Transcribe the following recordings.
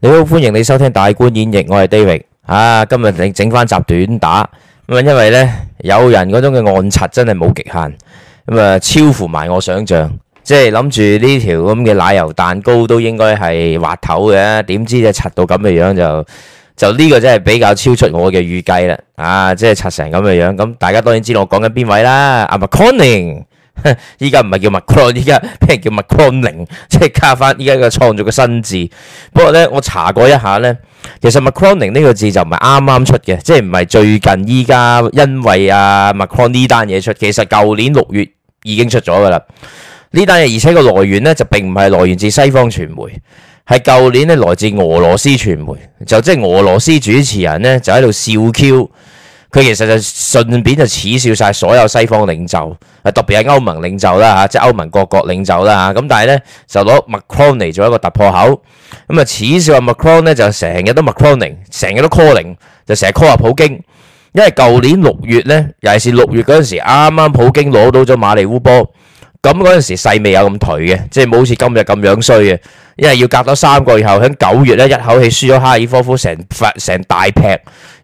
你好，歡迎你收聽大觀演繹，我係 David 啊，今日整整翻集短打，咁啊，因為呢有人嗰種嘅暗拆真係冇極限，咁、嗯、啊超乎埋我想象，即係諗住呢條咁嘅奶油蛋糕都應該係滑頭嘅，點知就拆到咁嘅樣就就呢個真係比較超出我嘅預計啦，啊，即係拆成咁嘅樣，咁大家當然知道我講緊邊位啦，阿 Macroning 依家唔係叫 Macron，依家畀人叫 Macroning，即係加翻依家個創造嘅新字。不過咧，我查過一下咧，其實 Macroning 呢個字就唔係啱啱出嘅，即係唔係最近依家因為阿、啊、Macron 呢單嘢出，其實舊年六月已經出咗噶啦。呢單嘢而且個來源咧就並唔係來源自西方傳媒，係舊年咧來自俄羅斯傳媒，就即係俄羅斯主持人咧就喺度笑 Q。佢其實就順便就恥笑曬所有西方領袖，特別係歐盟領袖啦嚇，即係歐盟各國領袖啦嚇。咁但係咧就攞 Macron 嚟做一個突破口，咁啊恥笑啊 Macron 咧就成日都 Macroning，成日都 calling，就成日 call 下普京。因為舊年六月咧，尤其是六月嗰陣時，啱啱普京攞到咗馬利烏波，咁嗰陣時勢未有咁頹嘅，即係冇好似今日咁樣衰嘅。因為要隔多三個月後，喺九月咧一口氣輸咗哈爾科夫成塊成大劈。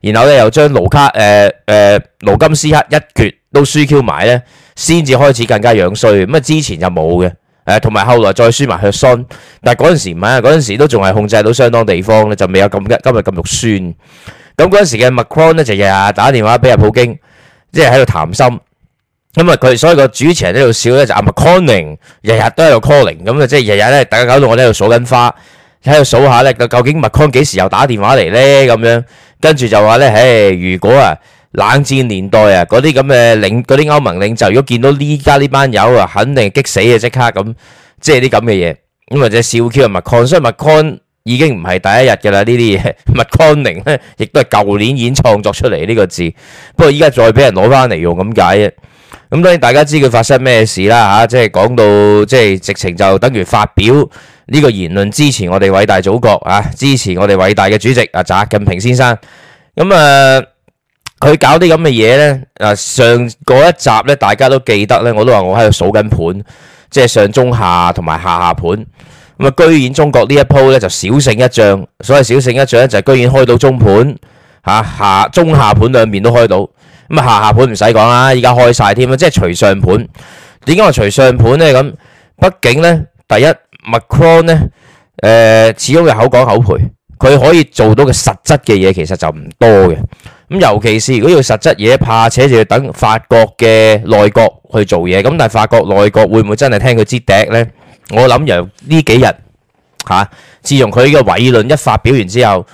然後咧又將盧卡誒誒盧金斯克一決都輸 Q 埋咧，先至開始更加樣衰。咁啊之前就冇嘅，誒同埋後來再輸埋血栓。但係嗰陣時唔係，嗰陣時都仲係控制到相當地方咧，就未有咁今日咁肉酸。咁嗰陣時嘅 Macron 咧就日日打電話俾阿普京，即係喺度談心。咁啊佢所以個主持人喺度笑咧就阿 Macroning，日日都喺度 calling，咁啊即係日日咧大家搞到我喺度數緊花。喺度數下咧，究竟麥康幾時又打電話嚟咧？咁樣跟住就話咧，唉，如果啊冷戰年代啊，嗰啲咁嘅領嗰啲歐盟領袖，如果見到呢家呢班友啊，肯定激死啊！即刻咁，即係啲咁嘅嘢。咁或者笑 Q 啊麥康，所以麥康已經唔係第一日㗎啦。呢啲嘢麥康寧咧，亦都係舊年已經創作出嚟呢個字，不過依家再俾人攞翻嚟用咁解啊。咁當然大家知佢發生咩事啦嚇、啊，即係講到即係直情就等於發表呢個言論支持我哋偉大祖國啊，支持我哋偉大嘅主席啊，習近平先生。咁啊，佢搞啲咁嘅嘢呢，啊上嗰一集咧大家都記得呢，我都話我喺度數緊盤，即係上中下同埋下下盤。咁啊，居然中國呢一鋪呢，就小勝一仗，所謂小勝一仗咧就係居然開到中盤嚇、啊，下中下盤兩面都開到。咁啊，下下盤唔使講啦，依家開晒添啊。即係除上盤。點解話除上盤咧？咁畢竟咧，第一 Macron 咧，誒、呃、始終係口講口賠，佢可以做到嘅實質嘅嘢其實就唔多嘅。咁尤其是如果要實質嘢，怕且就要等法國嘅內閣去做嘢。咁但係法國內閣會唔會真係聽佢支笛咧？我諗由呢幾日嚇、啊，自從佢嘅偉論一發表完之後。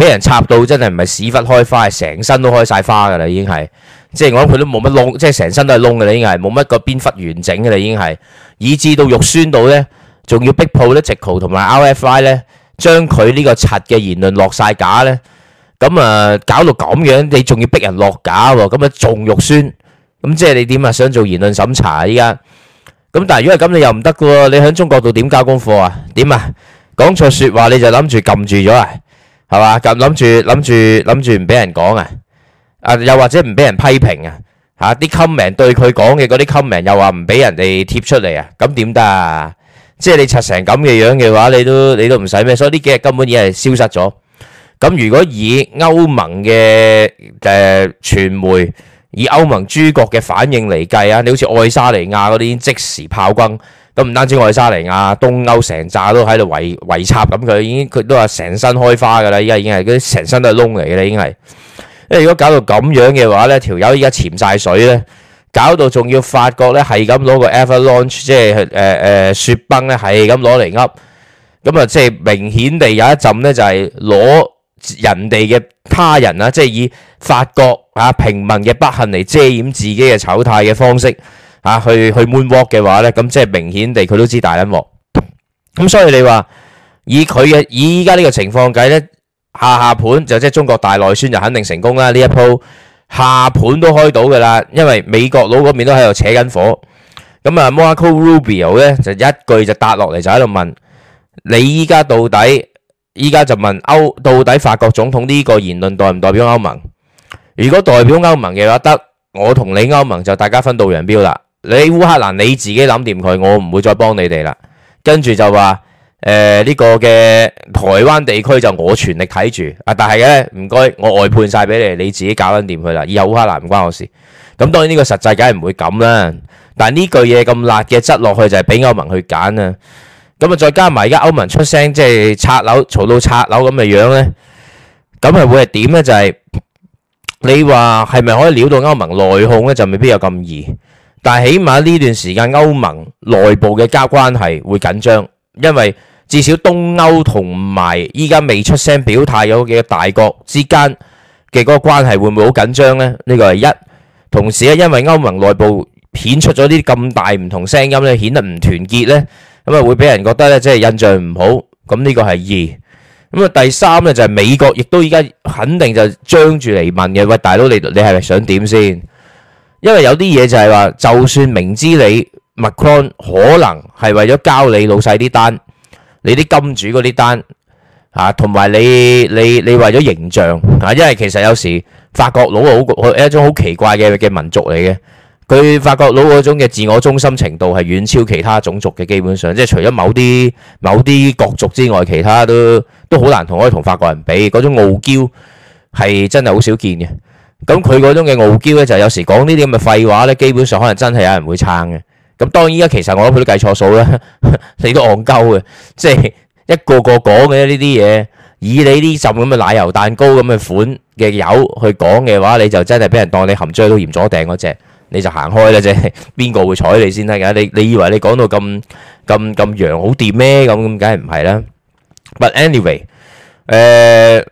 俾人插到真係唔係屎忽開花，係成身都開晒花㗎啦。已經係即係我諗佢都冇乜窿，即係成身都係窿㗎啦。已經係冇乜個邊忽完整㗎啦。已經係以至到肉酸到咧，仲要逼迫咧，Politico 同埋 RFI 咧，將佢呢個柒嘅言論落晒架咧，咁啊搞到咁樣，你仲要逼人落架喎？咁啊仲肉酸咁，即係你點啊？想做言論審查依家咁？但係如果係咁，你又唔得嘅喎。你喺中國度點交功課啊？點啊？講錯説話你就諗住撳住咗啊？係嘛？咁諗住諗住諗住唔俾人講啊！啊，又或者唔俾人批評啊！吓啲 comment 對佢講嘅嗰啲 comment 又話唔俾人哋貼出嚟啊！咁點得啊？即係你拆成咁嘅樣嘅話，你都你都唔使咩？所以呢幾日根本已經係消失咗。咁、啊、如果以歐盟嘅誒傳媒，以歐盟諸國嘅反應嚟計啊，你好似愛沙尼亞嗰啲即時炮轟。咁唔單止愛沙尼亞、東歐成扎都喺度圍圍插，咁佢已經佢都話成身開花嘅啦，依家已經係啲成身都係窿嚟嘅啦，已經係。因為如果搞到咁樣嘅話咧，條友依家潛曬水咧，搞到仲要法國咧係咁攞個 avalanche，即係誒誒雪崩咧係咁攞嚟噏，咁啊即係明顯地有一陣咧就係攞人哋嘅他人啦，即係以法國啊平民嘅不幸嚟遮掩自己嘅醜態嘅方式。嚇、啊、去去 moonwalk 嘅話咧，咁即係明顯地佢都知大陰喎、啊。咁、嗯、所以你話以佢嘅以依家呢個情況計咧，下下盤就即、是、係中國大內宣就肯定成功啦。呢一鋪下盤都開到嘅啦，因為美國佬嗰邊都喺度扯緊火。咁啊，Marco Rubio 咧就一句就答落嚟，就喺度問你依家到底依家就問歐到底法國總統呢個言論代唔代表歐盟？如果代表歐盟嘅話，得我同你歐盟就大家分道揚鑣啦。你烏克蘭你自己諗掂佢，我唔會再幫你哋啦。跟住就話誒呢個嘅台灣地區就我全力睇住啊，但係咧唔該我外判晒俾你，你自己搞緊掂佢啦。以後烏克蘭唔關我事。咁當然呢個實際梗係唔會咁啦，但係呢句嘢咁辣嘅質落去就係俾歐盟去揀啊。咁啊，再加埋而家歐盟出聲，即係拆樓吵到拆樓咁嘅樣呢？咁係會係點呢？就係、是、你話係咪可以撩到歐盟內訌呢？就未必有咁易。但係起碼呢段時間，歐盟內部嘅交關係會緊張，因為至少東歐同埋依家未出聲表態嘅幾個大國之間嘅嗰個關係會唔會好緊張呢？呢個係一。同時咧，因為歐盟內部顯出咗啲咁大唔同聲音咧，顯得唔團結咧，咁啊會俾人覺得咧，即係印象唔好。咁呢個係二。咁啊第三咧就係美國，亦都依家肯定就張住嚟問嘅。喂，大佬你你係咪想點先？因為有啲嘢就係話，就算明知你 Macron 可能係為咗交你老細啲單，你啲金主嗰啲單，吓同埋你你你為咗形象，吓，因為其實有時法國佬好，一種好奇怪嘅嘅民族嚟嘅，佢法國佬嗰種嘅自我中心程度係遠超其他種族嘅，基本上即係除咗某啲某啲國族之外，其他都都好難同可以同法國人比，嗰種傲嬌係真係好少見嘅。咁佢嗰種嘅傲嬌咧，就有時講呢啲咁嘅廢話咧，基本上可能真係有人會撐嘅。咁當然而家其實我諗佢都計錯數啦，你都戇鳩嘅，即係一個個講嘅呢啲嘢，以你呢浸咁嘅奶油蛋糕咁嘅款嘅友去講嘅話，你就真係俾人當你含追都嫌左訂嗰隻，你就行開啦啫。邊個會睬你先得噶？你你以為你講到咁咁咁樣好掂咩？咁咁梗係唔係啦。But anyway，誒。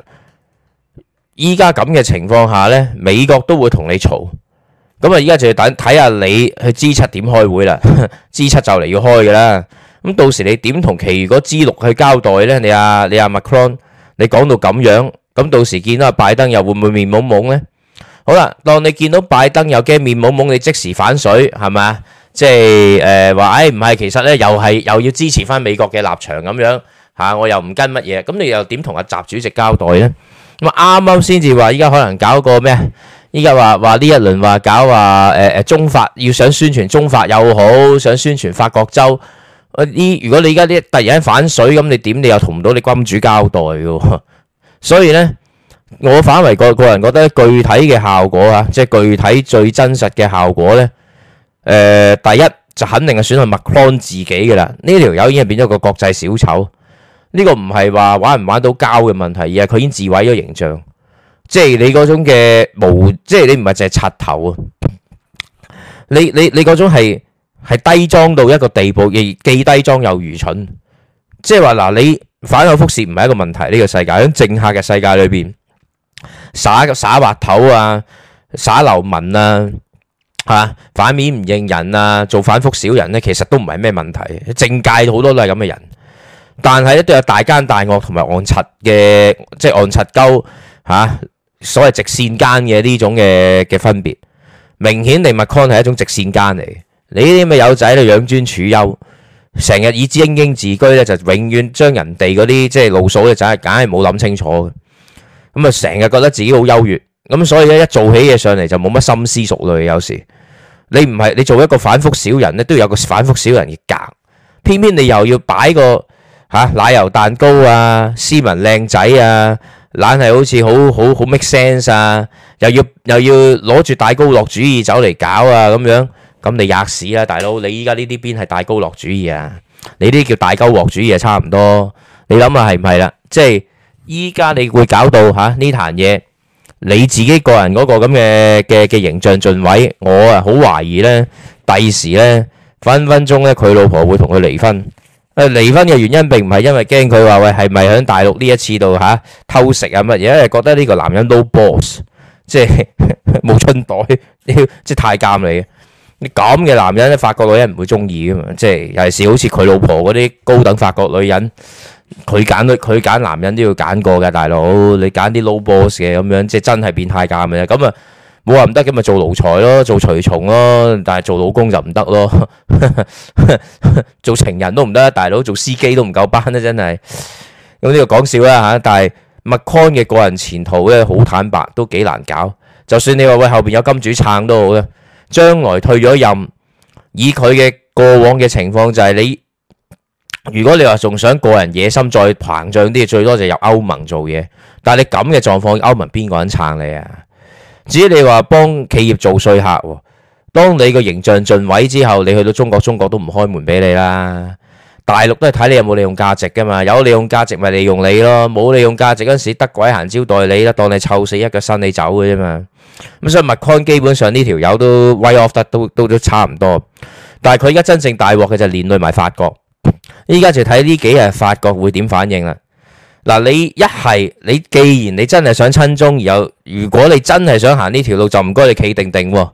依家咁嘅情況下呢，美國都會同你嘈。咁啊，依家就要等睇下你去 G 七點開會啦，G 七就嚟要開嘅啦。咁到時你點同其餘嗰 G 六去交代呢？你阿、啊、你阿、啊、Macron，你講到咁樣，咁到時見到拜登又會唔會面懵懵呢？好啦，當你見到拜登又驚面懵懵，你即時反水係咪？即係誒話，誒唔係，其實呢又係又要支持翻美國嘅立場咁樣嚇、啊，我又唔跟乜嘢？咁你又點同阿習主席交代呢？咁啱啱先至話，依家可能搞個咩？依家話話呢一輪話搞話誒誒，中法要想宣傳中法又好，想宣傳法國州。呢如果你依家呢突然間反水，咁你點？你又同唔到你君主交代嘅。 所以呢，我反為個個人覺得具體嘅效果呀，即係具體最真實嘅效果呢，誒、呃，第一就肯定係損害 Macron 自己嘅啦。呢條友已經係變咗個國際小丑。呢個唔係話玩唔玩到膠嘅問題，而係佢已經自毀咗形象。即係你嗰種嘅無，即係你唔係淨係刷頭啊，你你你嗰種係係低莊到一個地步，既既低莊又愚蠢。即係話嗱，你反口覆舌唔係一個問題。呢、這個世界喺政客嘅世界裏邊，耍耍滑頭啊，耍流氓啊，吓、啊、反面唔認人啊，做反覆小人咧，其實都唔係咩問題。政界好多都係咁嘅人。但係咧，都有大奸大惡同埋陰質嘅，即係陰質鳩吓，所謂直線奸嘅呢種嘅嘅分別，明顯咧，麥康係一種直線奸嚟。你呢啲咪友仔咧養尊處優，成日以精英，英自居咧，就永遠將人哋嗰啲即係路數咧，就係梗係冇諗清楚嘅。咁啊，成日覺得自己好優越，咁所以咧一做起嘢上嚟就冇乜深思熟慮。有時你唔係你做一個反覆小人咧，都有個反覆小人嘅格，偏偏你又要擺個。吓、啊、奶油蛋糕啊，斯文靚仔啊，懶係好似好好好 make sense 啊，又要又要攞住大高樂主義走嚟搞啊咁樣，咁你吔屎啦大佬，你依家呢啲邊係大高樂主義啊？你啲叫大鳩鑊主義啊，差唔多，你諗下係唔係啦？即係依家你會搞到吓呢壇嘢，你自己個人嗰個咁嘅嘅嘅形象盡毀。我啊好懷疑咧，第時咧分分鐘咧佢老婆會同佢離婚。誒離婚嘅原因並唔係因為驚佢話喂係咪喺大陸呢一次度嚇、啊、偷食啊乜嘢，因為覺得呢個男人 low boss，即係冇春袋， 即係太監嚟嘅。你咁嘅男人，法國女人唔會中意噶嘛，即係尤其是好似佢老婆嗰啲高等法國女人，佢揀佢揀男人都要揀過嘅，大佬你揀啲 low boss 嘅咁樣，即係真係變太監嘅咁啊！冇話唔得嘅，咪做奴才咯，做隨從咯，但係做老公就唔得咯，做情人都唔得，大佬做司機都唔夠班咧，真係咁呢個講笑啦嚇。但係 Macron 嘅個人前途咧，好坦白都幾難搞。就算你話喂後邊有金主撐都好咧，將來退咗任，以佢嘅過往嘅情況就係你，如果你話仲想個人野心再膨脹啲，最多就入歐盟做嘢。但係你咁嘅狀況，歐盟邊個人撐你啊？只要你話幫企業做稅客喎，當你個形象盡毀之後，你去到中國，中國都唔開門俾你啦。大陸都係睇你有冇利用價值噶嘛，有利用價值咪利用你咯，冇利用價值嗰陣時得鬼閒招待你啦，當你臭死一腳身你走嘅啫嘛。咁所以 Macron 基本上呢條友都威 off 得都都都差唔多，但係佢而家真正大鑊嘅就連累埋法國，依家就睇呢幾日法國會點反應啦。嗱，你一係你既然你真係想親中，然後如果你真係想行呢條路，就唔該你企定定喎，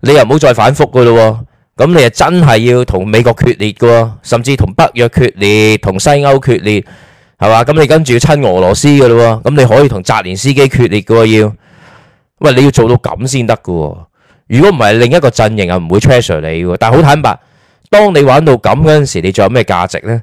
你又唔好再反覆㗎咯喎，咁你又真係要同美國決裂㗎喎，甚至同北約決裂，同西歐決裂，係嘛？咁你跟住要親俄羅斯㗎喎，咁你可以同澤連斯基決裂㗎喎，要喂你要做到咁先得㗎喎，如果唔係另一個陣營又唔會 pressure 你喎，但係好坦白，當你玩到咁嗰陣時，你仲有咩價值呢？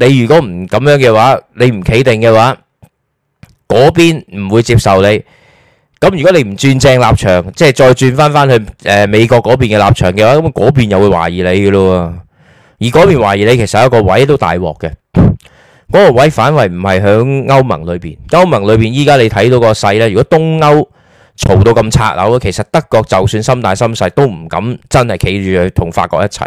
你如果唔咁樣嘅話，你唔企定嘅話，嗰邊唔會接受你。咁如果你唔轉正立場，即係再轉翻翻去誒美國嗰邊嘅立場嘅話，咁嗰邊又會懷疑你嘅咯。而嗰邊懷疑你，其實有一個位都大鑊嘅。嗰個位反為唔係響歐盟裏邊。歐盟裏邊依家你睇到個勢咧，如果東歐嘈到咁拆樓，其實德國就算心大心細，都唔敢真係企住去同法國一齊。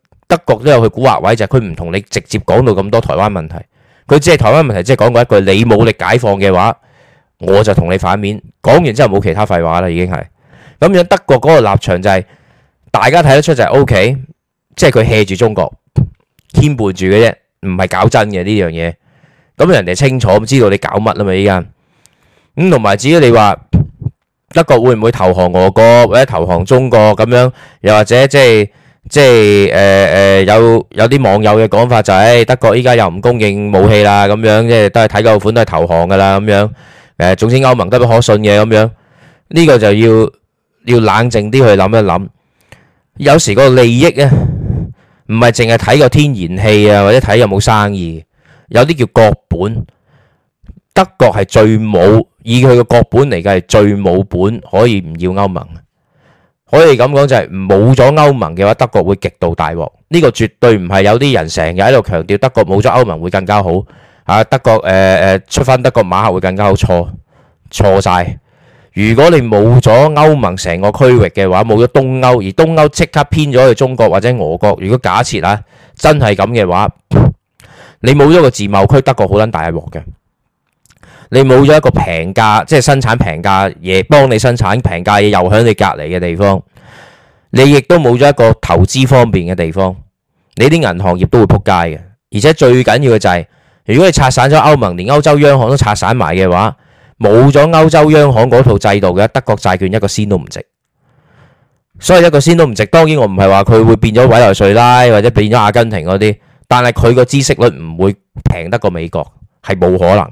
德國都有佢古惑位，就係佢唔同你直接講到咁多台灣問題，佢只係台灣問題，即係講過一句：你冇力解放嘅話，我就同你反面，講完之後冇其他廢話啦，已經係。咁樣德國嗰個立場就係大家睇得出就 OK，即係佢 hea 住中國牽絆住嘅啫，唔係搞真嘅呢樣嘢。咁人哋清楚知道你搞乜啦嘛？依家咁同埋至於你話德國會唔會投降俄國或者投降中國咁樣，又或者即係？即係誒誒，有有啲網友嘅講法就係、是哎、德國依家又唔供應武器啦，咁樣即係都係睇個款，都係投降噶啦咁樣。誒、呃，總之歐盟都不可信嘅咁樣，呢、這個就要要冷靜啲去諗一諗。有時嗰個利益啊，唔係淨係睇個天然氣啊，或者睇有冇生意，有啲叫國本。德國係最冇以佢嘅國本嚟嘅，係最冇本可以唔要歐盟。可以咁講、就是，就係冇咗歐盟嘅話，德國會極度大鑊。呢、這個絕對唔係有啲人成日喺度強調德國冇咗歐盟會更加好啊。德國誒誒、呃、出翻德國馬克會更加好錯錯晒！如果你冇咗歐盟成個區域嘅話，冇咗東歐，而東歐即刻偏咗去中國或者俄國。如果假設啊真係咁嘅話，你冇咗個自貿區，德國好撚大鑊嘅。你冇咗一個平價，即係生產平價嘢，幫你生產平價嘢，又喺你隔籬嘅地方，你亦都冇咗一個投資方便嘅地方，你啲銀行業都會撲街嘅。而且最緊要嘅就係，如果你拆散咗歐盟，連歐洲央行都拆散埋嘅話，冇咗歐洲央行嗰套制度嘅德國債券一個仙都唔值，所以一個仙都唔值。當然我唔係話佢會變咗委內瑞，瑞拉或者變咗阿根廷嗰啲，但係佢個孳息率唔會平得過美國，係冇可能。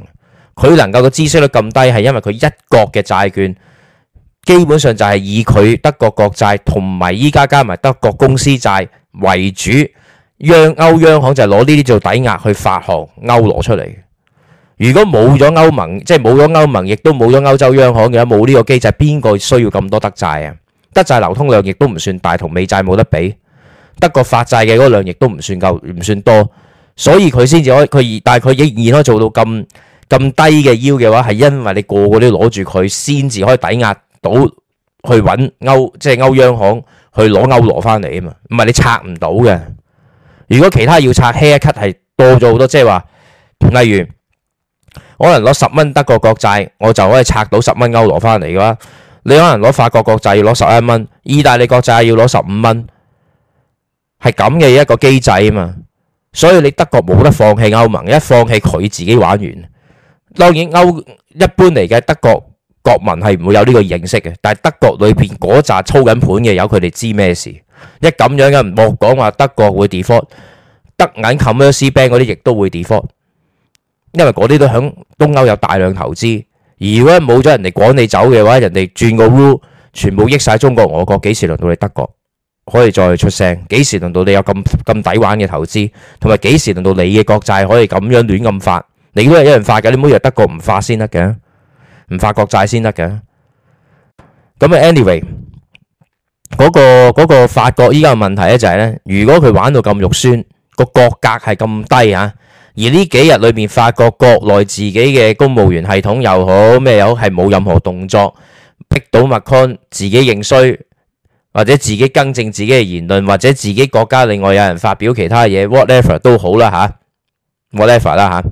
佢能夠嘅資息率咁低，係因為佢一國嘅債券基本上就係以佢德國國債同埋依家加埋德國公司債為主，讓歐央歐央行就係攞呢啲做抵押去發行歐羅出嚟。如果冇咗歐盟，即係冇咗歐盟，亦都冇咗歐洲央行嘅話，冇呢個機制，邊個需要咁多德債啊？德債流通量亦都唔算大，同美債冇得比。德國發債嘅嗰量亦都唔算夠，唔算多，所以佢先至可以佢而但係佢仍然可以做到咁。咁低嘅腰嘅話，係因為你個個都攞住佢先至可以抵押到去揾歐，即係歐央行去攞歐羅翻嚟啊嘛。唔係你拆唔到嘅。如果其他要拆，Haircut 係多咗好多，即係話例如可能攞十蚊德國國債，我就可以拆到十蚊歐羅翻嚟嘅話，你可能攞法國國債要攞十一蚊，意大利國債要攞十五蚊，係咁嘅一個機制啊嘛。所以你德國冇得放棄歐盟，一放棄佢自己玩完。當然，歐一般嚟嘅德國國民係唔會有呢個認識嘅，但係德國裏邊嗰紮操緊盤嘅有佢哋知咩事。一咁樣嘅，莫講話德國會 default，德銀、Commerzbank 嗰啲亦都會 default，因為嗰啲都響東歐有大量投資。如果冇咗人哋趕你走嘅話，人哋轉個 rule，全部益晒中國、俄國，幾時輪到你德國可以再出聲？幾時輪到你有咁咁抵玩嘅投資？同埋幾時輪到你嘅國債可以咁樣亂咁發？你都係有人發嘅，你唔好以為德國唔發先得嘅，唔發國債先得嘅。咁啊，anyway，嗰個嗰個法國依家嘅問題咧就係咧，如果佢玩到咁肉酸，個國格係咁低嚇，而呢幾日裏面法國國內自己嘅公務員系統又好咩又好，係冇任何動作，逼到 Macron 自己認衰，或者自己更正自己嘅言論，或者自己國家另外有人發表其他嘢，whatever 都好啦嚇，whatever 啦嚇。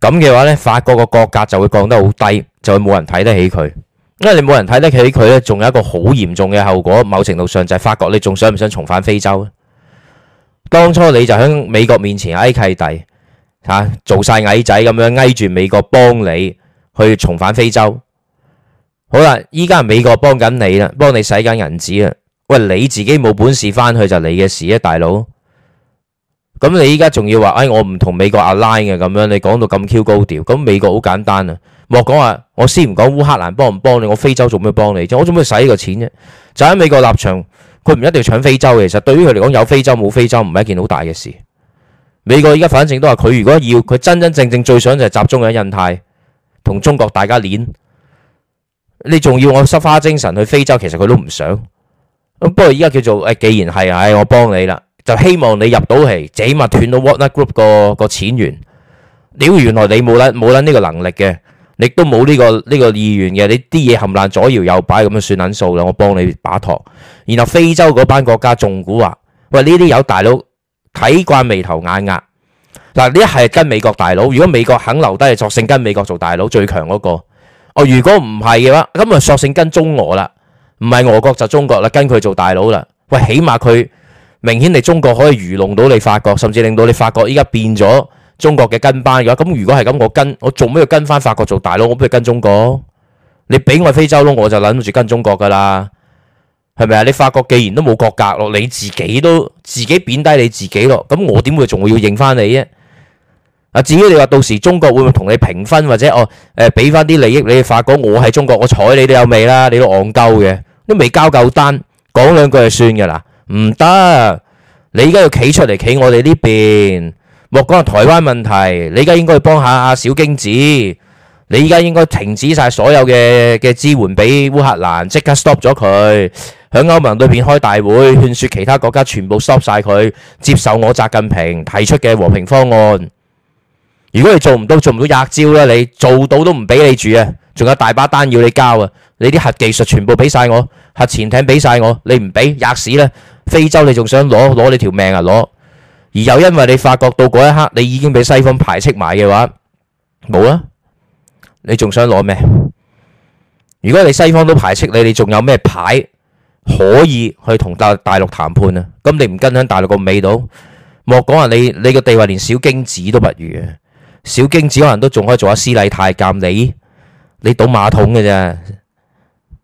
咁嘅話咧，法國個國格就會降得好低，就會冇人睇得起佢。因為你冇人睇得起佢咧，仲有一個好嚴重嘅後果，某程度上就係法國你仲想唔想重返非洲？當初你就響美國面前哀契弟吓，啊，做晒矮仔咁樣捱住美國幫你去重返非洲。好啦，而家美國幫緊你啦，幫你洗緊銀紙啊！喂，你自己冇本事翻去就你嘅事啊，大佬。咁你而家仲要話，誒、哎，我唔同美國 align 嘅咁樣，你講到咁 Q 高調，咁美國好簡單啊，莫講話，我先唔講烏克蘭幫唔幫你，我非洲做咩幫你啫？我做咩使呢個錢啫？就喺美國立場，佢唔一定要搶非洲嘅，其實對於佢嚟講，有非洲冇非洲唔係一件好大嘅事。美國而家反正都話，佢如果要，佢真真正正最想就係集中喺印太同中國大家鏈，你仲要我失花精神去非洲,其實佢都唔想。咁不過而家叫做，誒、哎，既然係，唉、哎，我幫你啦。就希望你入到嚟，起碼斷到 Wagner Group 個、嗰個錢源。屌，原來你冇捻冇捻呢個能力嘅，你都冇呢個呢、呢個意願嘅，你啲嘢冚爛左搖右擺咁樣，算捻數啦，我幫你把托。然後非洲嗰班國家仲估啊，喂呢啲有大佬睇慣眉頭眼額。嗱，呢一係跟美國大佬，如果美國肯留低，係索性跟美國做大佬最強嗰、嗰個。哦，如果唔係嘅話，咁啊索性跟中俄啦，唔係俄國就中國啦，跟佢做大佬啦。喂，起碼佢。明顯你中國可以愚弄到你法國，甚至令到你法國依家變咗中國嘅跟班嘅。咁如果係咁，我跟我做咩要跟翻法國做大佬？我不如跟中國。你俾我非洲咯，我就諗住跟中國噶啦，係咪啊？你法國既然都冇國格咯，你自己都自己貶低你自己咯。咁我點會仲會要認翻你啫？啊，至於你話到時中國會唔會同你平分或者哦？誒，俾翻啲利益你？法國我係中國，我睬你都有味啦，你都戇鳩嘅，都未交夠單，講兩句就算噶啦。唔得，你依家要企出嚟企我哋呢邊，莫講係台灣問題，你依家應該幫下阿小京子，你依家應該停止晒所有嘅嘅支援俾烏克蘭，即刻 stop 咗佢，響歐盟裏邊開大會勸說其他國家全部 stop 晒佢，接受我習近平提出嘅和平方案。如果你做唔到，做唔到壓招啦，你做到都唔俾你住啊，仲有大把單要你交啊，你啲核技術全部俾晒我，核潛艇俾晒我，你唔俾壓屎啦。非洲你仲想攞，攞你條命啊，攞？而又因為你發覺到嗰一刻你已經俾西方排斥埋嘅話，冇啦，你仲想攞咩？如果你西方都排斥你，你仲有咩牌可以去同大大陸談判啊？咁你唔跟響大陸個尾度，莫講啊你你個地位連小京子都不如，小京子可能都仲可以做下司禮太監，你你倒馬桶嘅啫。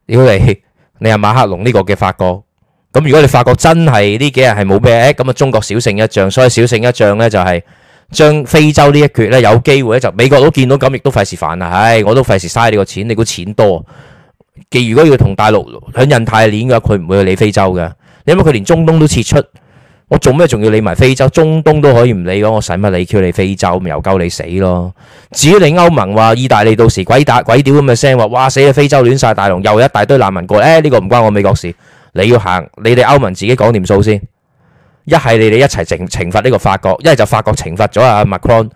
妖嚟，你係馬克龍呢個嘅法國。咁如果你發覺真係呢幾日係冇咩，咁啊中國小勝一仗，所以小勝一仗呢，就係將非洲呢一決呢，有機會咧就美國都見到咁，亦都費事煩啊！唉、哎，我都費事嘥你個錢，你估錢多？既如果要同大陸響印太鏈嘅話，佢唔會去理非洲嘅，你以為佢連中東都撤出。我做咩仲要理埋非洲？中東都可以唔理我使乜理佢理非洲？咪又鳩你死咯！至於你歐盟話意大利到時鬼打鬼屌咁嘅聲話，哇死啊！非洲亂晒大龍，又一大堆難民過，誒、哎、呢、這個唔關我美國事。你要行，你哋歐盟自己講掂數先。一係你哋一齊懲懲罰呢個法國，一係就法國懲罰咗阿麥克朗。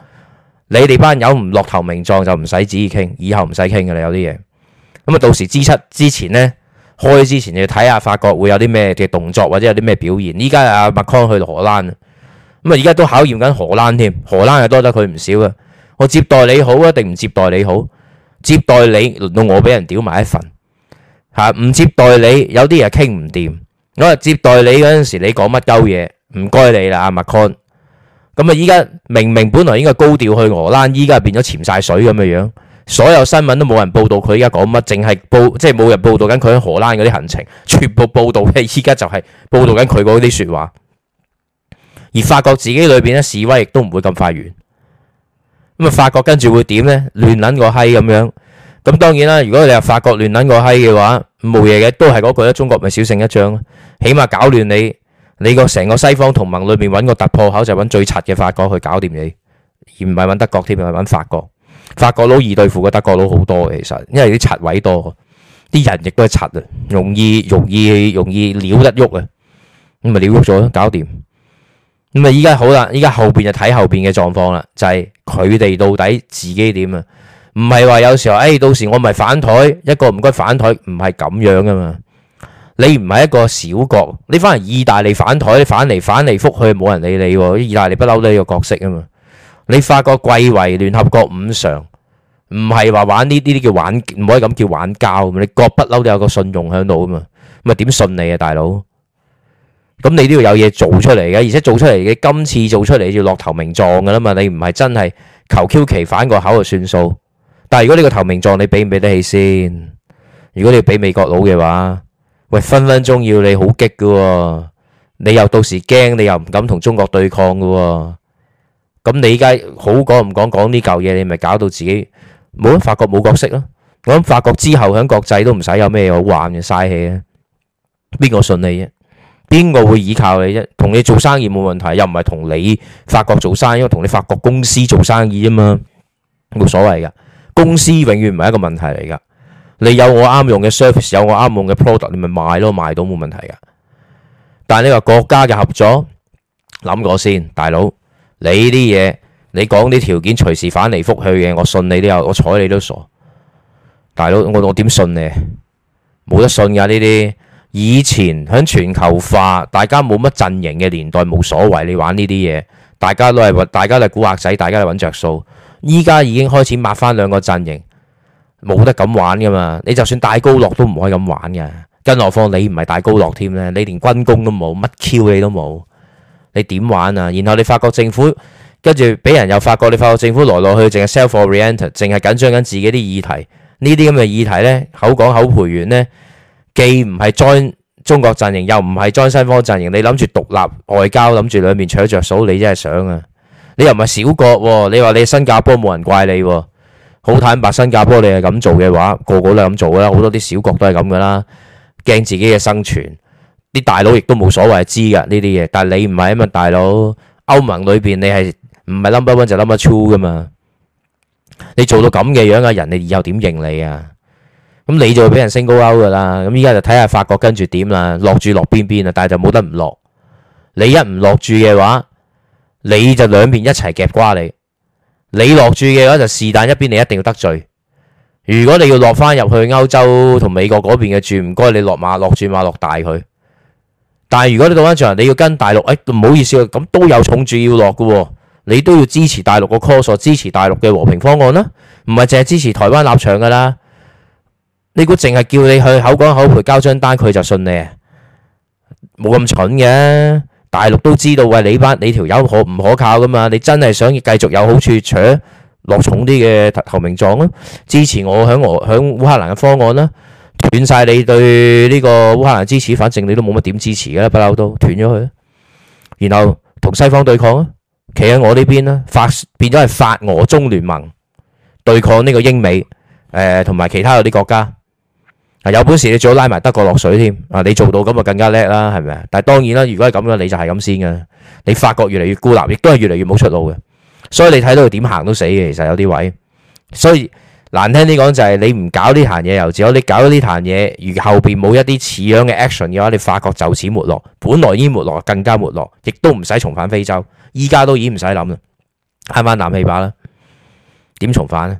你哋班友唔落投名狀就唔使旨意傾，以後唔使傾㗎喇。有啲嘢咁啊，到時支出之前呢，開之前要睇下法國會有啲咩嘅動作或者有啲咩表現。依家阿麥克朗去荷蘭啊，咁啊依家都在考驗緊荷蘭添，荷蘭又多得佢唔少啊。我接待你好啊，一定唔接待你好？接待你，輪到我俾人屌埋一份。吓唔、啊、接待你，有啲嘢傾唔掂。我話接待你嗰陣時，你講乜鳩嘢，唔該你啦，阿 Macron。咁啊，依家明明本來應該高調去荷蘭，依家變咗潛晒水咁嘅樣，所有新聞都冇人報道佢依家講乜，淨係報即係冇人報道緊佢喺荷蘭嗰啲行程，全部報道嘅依家就係報道緊佢嗰啲說話。而法國自己裏邊咧示威亦都唔會咁快完，咁啊法國跟住會點咧？亂撚個閪咁樣。咁當然啦，如果你話法國亂撚個閪嘅話，冇嘢嘅，都係嗰句咧，中國咪小勝一仗咯。起碼搞亂你，你個成個西方同盟裏邊揾個突破口就係揾最柒嘅法國去搞掂你，而唔係揾德國添，係揾法國。法國佬易對付過德國佬好多嘅，其實，因為啲柒位多，啲人亦都係柒啊，容易容易容易撩得喐啊，咁咪撩喐咗搞掂。咁啊，依家好啦，依家後邊就睇後邊嘅狀況啦，就係佢哋到底自己點啊？唔係話有時候，誒、欸、到時我咪反台一個唔該反台，唔係咁樣噶嘛。你唔係一個小國，你翻嚟意大利反台，你反嚟反嚟覆去冇人理你喎。啲意大利不嬲都係呢個角色啊嘛。你發覺貴為聯合國五常，唔係話玩呢啲啲叫玩，唔可以咁叫玩交咁。你國不嬲都有個信用喺度啊嘛，咪點信你啊大佬？咁你都要有嘢做出嚟嘅，而且做出嚟嘅今次做出嚟要落投名狀噶啦嘛。你唔係真係求 Q 其反個口就算數。但係，如果你個投名狀你畀唔畀得起先？如果你畀美國佬嘅話，喂，分分鐘要你好激噶喎。你又到時驚，你又唔敢同中國對抗噶喎。咁你而家好講唔講講呢嚿嘢？你咪搞到自己冇得法國冇角色咯。我諗法國之後喺國際都唔使有咩好玩嘅嘥氣啊。邊個信你啫？邊個會依靠你啫？同你做生意冇問題，又唔係同你法國做生意，因為同你法國公司做生意啫嘛，冇所謂噶。公司永遠唔係一個問題嚟噶，你有我啱用嘅 service，有我啱用嘅 product，你咪賣咯，賣到冇問題噶。但係你話國家嘅合作，諗過先，大佬，你啲嘢，你講啲條件隨時返嚟覆去嘅，我信你都有，我睬你都傻。大佬，我我點信你？冇得信噶呢啲。以前響全球化，大家冇乜陣營嘅年代，冇所謂。你玩呢啲嘢，大家都係揾，大家都係古惑仔，大家都揾着數。依家已經開始抹翻兩個陣營，冇得咁玩噶嘛！你就算戴高樂都唔可以咁玩嘅，更何況你唔係戴高樂添咧？你連軍工都冇，乜 Q 你都冇，你點玩啊？然後你發覺政府跟住俾人又發覺，你發覺政府來來去去淨係 self-oriented 淨係緊張緊自己啲議題，呢啲咁嘅議題呢，口講口培完呢，既唔係 join 中國陣營，又唔係 join 西方陣營，你諗住獨立外交，諗住兩邊搶着數，你真係想啊！你又唔係小國啊，你話你新加坡冇人怪你啊，好坦白，新加坡你係咁做嘅話，個個都係咁做噶啦，好多啲小國都係咁噶啦，驚自己嘅生存，啲大佬亦都冇所謂知噶呢啲嘢，但係你唔係啊嘛，大佬，歐盟裏邊你係唔係 number one 就 number two 噶嘛，你做到咁嘅樣啊，人哋你以後點認你啊？咁你就會俾人升高歐噶啦，咁依家就睇下法國跟住點啦，落住落邊邊啊，但係就冇得唔落，你一唔落住嘅話。你就兩邊一齊夾瓜你，你落住嘅話就是但一邊你一定要得罪。如果你要落翻入去歐洲同美國嗰邊嘅住，唔該你落馬落住馬落大佢。但係如果你倒翻轉你要跟大陸，誒、哎、唔好意思，咁都有重住要落嘅喎，你都要支持大陸個 course，支持大陸嘅和平方案啦，唔係淨係支持台灣立場㗎啦。你估淨係叫你去口講口陪交張單，佢就信你啊，冇咁蠢嘅。大陸都知道喂，你班你條友可唔可靠噶嘛？你真係想繼續有好處，除落重啲嘅投名狀啊，支持我喺俄喺烏克蘭嘅方案啦，斷晒你對呢個烏克蘭支持，反正你都冇乜點支持嘅啦，不嬲都斷咗佢，然後同西方對抗啊，企喺我呢邊啦，變咗係法俄中聯盟對抗呢個英美，同埋其他啲國家。有本事你最好拉埋德國落水添啊！你做到咁就更加叻啦，係咪啊？但係當然啦，如果係咁樣，你就係咁先嘅。你發覺越嚟越孤立，亦都係越嚟越冇出路嘅。所以你睇到佢點行都死嘅，其實有啲位。所以難聽啲講就係、是、你唔搞呢壇嘢又止，你搞咗呢壇嘢，如後邊冇一啲似樣嘅 action 嘅話，你發覺就此沒落，本來已經沒落，更加沒落，亦都唔使重返非洲。依家都已經唔使諗啦，係嘛？慳返啖氣罷啦，點重返咧？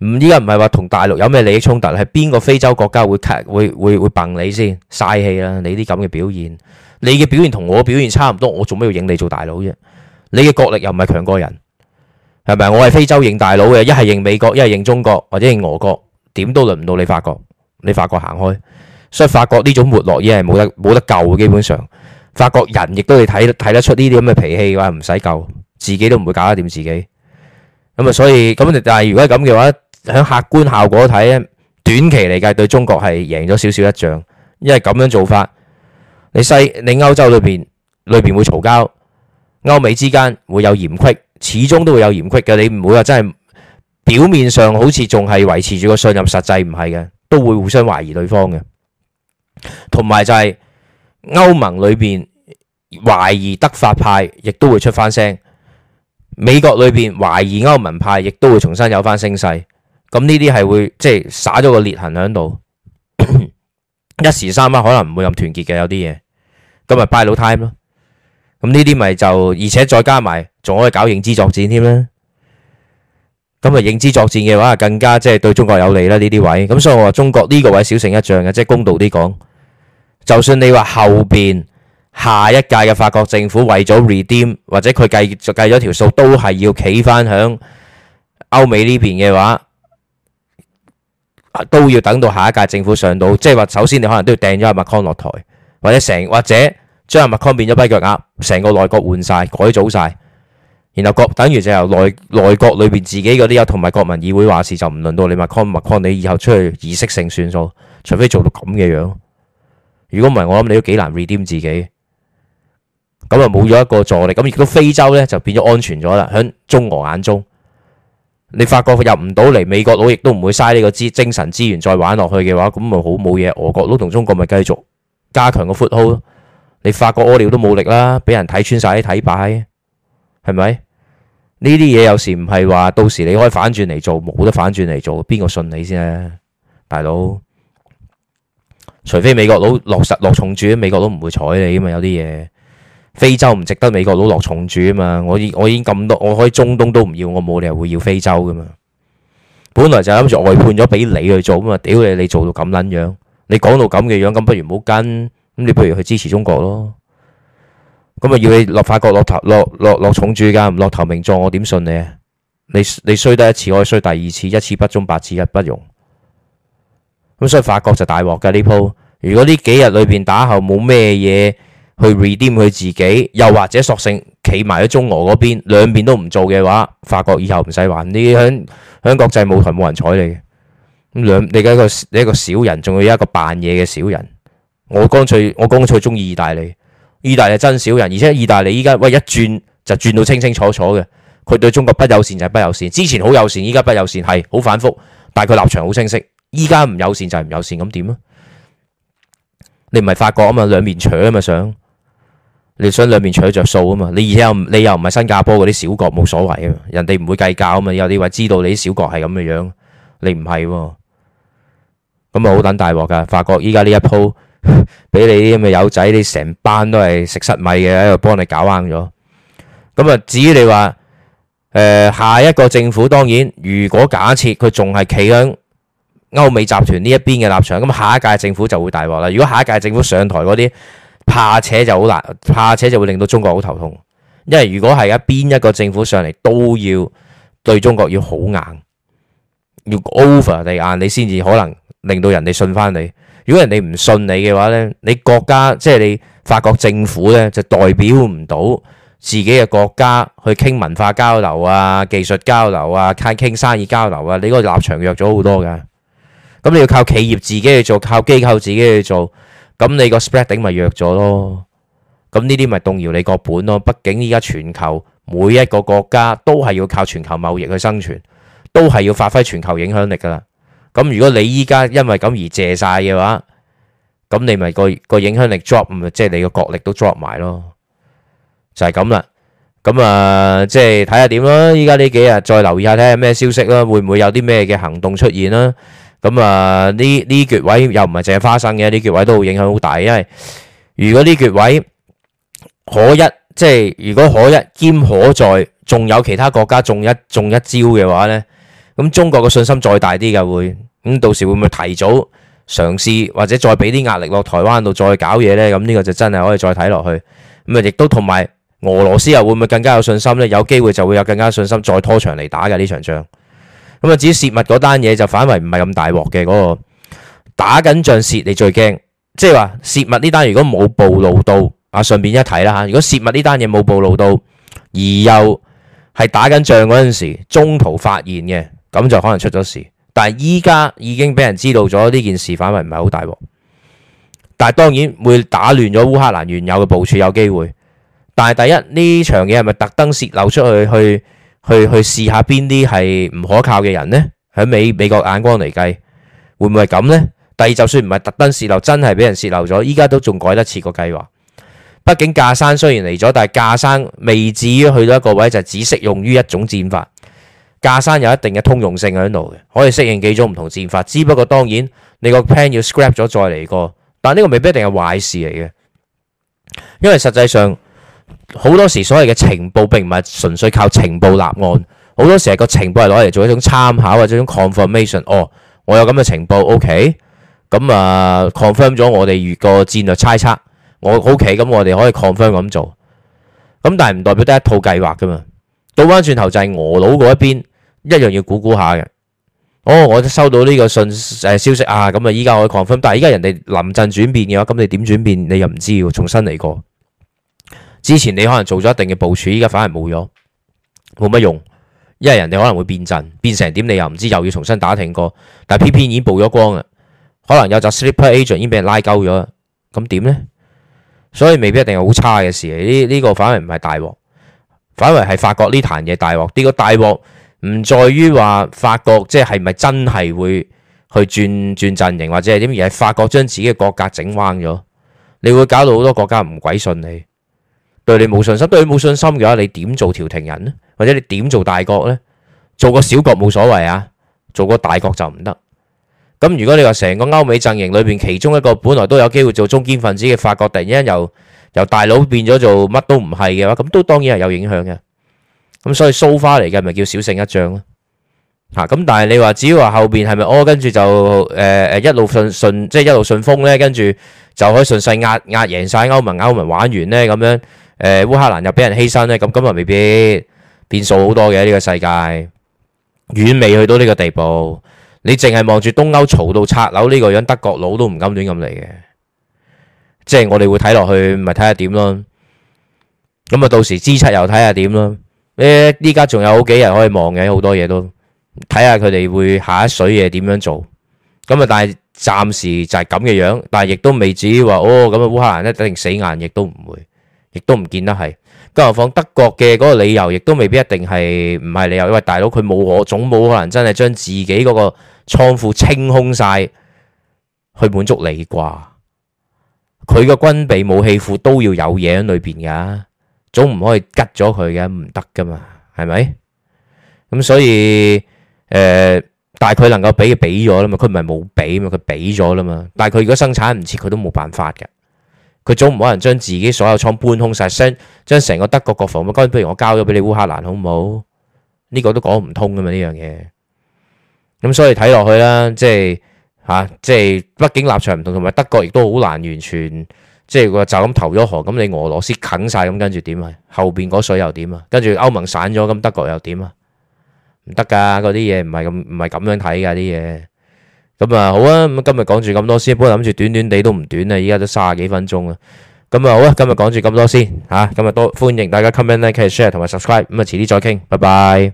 唔依家唔係話同大陸有咩利益衝突，係邊個非洲國家會 cut 會會會崩你先嘥氣啦！你啲咁嘅表現，你嘅表現同我表現差唔多，我做咩要認你做大佬啫？你嘅國力又唔係強過人，係咪？我係非洲認大佬嘅，一係認美國，一係認中國或者認俄國，點都輪唔到你法國。你法國行開，所以法國呢種沒落依係冇得冇得救嘅，基本上法國人亦都係睇睇得出呢啲咁嘅脾氣嘅話唔使救，自己都唔會搞得掂自己。咁啊，所以咁但係如果係咁嘅話。喺客觀效果睇咧，短期嚟計對中國係贏咗少少一仗，因為咁樣做法，你西你歐洲裏邊裏邊會嘈交，歐美之間會有嫌隙，始終都會有嫌隙嘅，你唔會話真係表面上好似仲係維持住個信任，實際唔係嘅，都會互相懷疑對方嘅。同埋就係、是、歐盟裏邊懷疑德法派，亦都會出翻聲；美國裏邊懷疑歐盟派，亦都會重新有翻聲勢。咁呢啲係會即係灑咗個裂痕喺度， 一時三刻、啊、可能唔會咁團結嘅有啲嘢，咁咪 buy 老 time 咯。咁呢啲咪就而且再加埋仲可以搞認知作戰添啦。咁啊認知作戰嘅話更加即係對中國有利啦。呢啲位咁所以我話中國呢個位小勝一仗嘅，即係公道啲講，就算你話後邊下一屆嘅法國政府為咗 redeem 或者佢計計咗條數，都係要企翻響歐美呢邊嘅話。都要等到下一屆政府上到，即係話首先你可能都要掟咗阿麥康落台，或者成或者將阿麥康變咗跛腳鴨，成個內閣換晒，改組晒。然後國等於就由內內閣裏邊自己嗰啲人同埋國民議會話事，就唔輪到你麥康，麥康你以後出去儀式性算數，除非做到咁嘅樣，樣。如果唔係，我諗你都幾難 redeem 自己，咁啊冇咗一個助力，咁亦都非洲呢就變咗安全咗啦，響中俄眼中。你發覺入唔到嚟，美國佬亦都唔會嘥你個精神資源再玩落去嘅話，咁咪好冇嘢。俄國佬同中國咪繼續加強個 foothold。你發覺屙尿都冇力啦，俾人睇穿晒睇擺，係咪？呢啲嘢有時唔係話到時你可以反轉嚟做，冇得反轉嚟做，邊個信你先啊，大佬？除非美國佬落實落重注，美國佬唔會睬你啊嘛，有啲嘢。非洲唔值得美國佬落重注啊嘛！我已我已經咁多，我可以中東都唔要，我冇理由會要非洲噶嘛。本來就諗住外判咗俾你去做啊嘛！屌你，你做到咁撚樣，你講到咁嘅樣，咁不如唔好跟咁，你不如去支持中國咯。咁咪要你落法國落頭落落落重注噶，唔落頭名狀，我點信你啊？你你衰得一次，可以衰第二次，一次不忠，百次一不容。咁所以法國就大鑊噶呢鋪。如果呢幾日裏邊打後冇咩嘢。去 redeem 佢自己，又或者索性企埋喺中俄嗰邊，兩邊都唔做嘅話，法國以後唔使玩。你響響國際舞台冇人睬你嘅。咁兩你而家一個你一個小人，仲要一個扮嘢嘅小人。我乾脆我乾脆中意意大利，意大利真小人，而且意大利依家喂一轉就轉到清清楚楚嘅。佢對中國不友善就係不友善，之前好友善，依家不友善係好反覆，但係佢立場好清晰。依家唔友善就係唔友善，咁點啊？你唔係法國啊嘛，兩面扯啊嘛想。你想兩面取著數啊嘛？你而家你又唔係新加坡嗰啲小國冇所謂啊嘛？人哋唔會計較啊嘛？有啲話知道你啲小國係咁嘅樣，你唔係喎，咁啊好等大鑊噶。法國依家呢一鋪俾 你啲咁嘅友仔，你成班都係食塞米嘅喺度幫你搞硬咗。咁啊，至於你話誒、呃、下一個政府，當然如果假設佢仲係企響歐美集團呢一邊嘅立場，咁下一屆政府就會大鑊啦。如果下一屆政府上台嗰啲，怕扯就好難，怕扯就會令到中國好頭痛。因為如果係而家邊一個政府上嚟，都要對中國要好硬，要 over 你硬，你先至可能令到人哋信返你。如果人哋唔信你嘅話呢，你國家即係你法國政府呢，就代表唔到自己嘅國家去傾文化交流啊、技術交流啊、傾生意交流啊，你個立場弱咗好多㗎。咁你要靠企業自己去做，靠機構自己去做。咁你個 spreading 咪弱咗咯？咁呢啲咪動搖你個本咯？畢竟依家全球每一個國家都係要靠全球貿易去生存，都係要發揮全球影響力噶啦。咁如果你依家因為咁而借晒嘅話，咁你咪個個影響力 drop，唔即係你個國力都 drop 埋咯，就係咁啦。咁啊，即係睇下點啦。依家呢幾日再留意下睇下咩消息啦，會唔會有啲咩嘅行動出現啦？咁啊，呢呢穴位又唔係淨係花生嘅，呢穴位都會影響好大。因為如果呢穴位可一，即係如果可一兼可再，仲有其他國家中一中一招嘅話呢，咁中國嘅信心再大啲嘅會，咁到時會唔會提早嘗試或者再俾啲壓力落台灣度再搞嘢呢？咁呢個就真係可以再睇落去。咁啊，亦都同埋俄羅斯又會唔會更加有信心呢？有機會就會有更加信心再拖長嚟打嘅呢場仗。咁啊！至於泄密嗰單嘢就反為唔係咁大鑊嘅，嗰個打緊仗泄，你最驚，即係話泄密呢單如果冇暴露到啊，順便一睇啦吓。如果泄密呢單嘢冇暴露到，而又係打緊仗嗰陣時中途發現嘅，咁就可能出咗事。但係依家已經俾人知道咗呢件事，反為唔係好大鑊。但係當然會打亂咗烏克蘭原有嘅部署，有機會。但係第一呢場嘢係咪特登泄漏出去去？去去試下邊啲係唔可靠嘅人呢？喺美美國眼光嚟計，會唔會係咁咧？第二，就算唔係特登洩漏，真係俾人洩漏咗，依家都仲改得切個計劃。畢竟架山雖然嚟咗，但係架山未至於去到一個位，就只適用於一種戰法。架山有一定嘅通用性喺度嘅，可以適應幾種唔同戰法。只不過當然，你個 plan 要 scrap 咗再嚟過，但呢個未必一定係壞事嚟嘅，因為實際上。好多時所謂嘅情報並唔係純粹靠情報立案，好多時係個情報係攞嚟做一種參考或者一種 confirmation。哦，我有咁嘅情報，OK。咁、uh, 啊 confirm 咗我哋個戰略猜測，okay? 我 OK。咁我哋可以 confirm 咁做。咁但係唔代表得一套計劃噶嘛。倒翻轉頭就係俄佬嗰一邊，一樣要估估下嘅。哦，我收到呢個信誒消息啊，咁啊依家我 confirm。但係依家人哋臨陣轉變嘅話，咁你點轉變？你又唔知，要重新嚟過。之前你可能做咗一定嘅部署，依家反而冇咗，冇乜用，因為人哋可能會變陣，變成點你又唔知，又要重新打聽過。但係偏偏已經曝咗光啊，可能有集 sleeper agent 已經俾人拉勾咗，咁點咧？所以未必一定係好差嘅事，呢呢個反而唔係大鑊，反為係法國呢壇嘢大鑊，呢個大鑊唔在於話法國即係係咪真係會去轉轉陣營或者係點，而係法國將自己嘅國格整彎咗，你會搞到好多國家唔鬼信你。對你冇信心，對你冇信心嘅話，你點做調停人咧？或者你點做大國咧？做個小國冇所謂啊，做個大國就唔得。咁如果你話成個歐美陣營裏邊，其中一個本來都有機會做中堅分子嘅法國，突然間又由大佬變咗做乜都唔係嘅話，咁都當然係有影響嘅。咁所以蘇花嚟嘅咪叫小勝一仗咯。吓咁，但係你話只要話後邊係咪哦，跟住就誒誒一路順順，即係一路順風咧，跟住就可以順勢壓壓贏晒歐盟，歐盟玩完咧咁樣。誒，烏、呃、克蘭又俾人犧牲咧，咁今日未必變數好多嘅呢、這個世界，遠未去到呢個地步。你淨係望住東歐嘈到拆樓呢個樣，德國佬都唔敢亂咁嚟嘅。即係我哋會睇落去，咪睇下點咯。咁啊，到時支出又睇下點咯。呢依家仲有好幾日可以望嘅，好多嘢都睇下佢哋會下一水嘢點樣做。咁啊，但係暫時就係咁嘅樣，但係亦都未至於話哦，咁啊烏克蘭一定死硬，亦都唔會。亦都唔見得係，更何況德國嘅嗰個理由，亦都未必一定係唔係理由，因為大佬佢冇可總冇可能真係將自己嗰個倉庫清空晒去滿足你啩，佢嘅軍備武器庫都要有嘢喺裏邊噶，總唔可以吉咗佢嘅唔得噶嘛，係咪？咁所以誒，但係佢能夠俾，俾咗啦嘛，佢唔係冇俾嘛，佢俾咗啦嘛，但係佢如果生產唔切，佢都冇辦法噶。佢總唔可能將自己所有倉搬空晒，將成個德國國防軍不如我交咗俾你烏克蘭好唔好？呢、這個都講唔通㗎嘛呢樣嘢。咁所以睇落去啦，即係嚇、啊，即係畢竟立場唔同，同埋德國亦都好難完全即係就咁投咗河。咁你俄羅斯啃晒，咁跟住點啊？後邊嗰水又點啊？跟住歐盟散咗，咁德國又點啊？唔得㗎，嗰啲嘢唔係咁，唔係咁樣睇㗎啲嘢。咁啊好啊，咁今日講住咁多先，本來諗住短短地都唔短啦，依家都三十幾分鐘啦，咁啊好啦、啊，今日講住咁多先吓、啊，今日多歡迎大家 comment 咧、like，share 同埋 subscribe，咁、嗯、啊遲啲再傾，拜拜。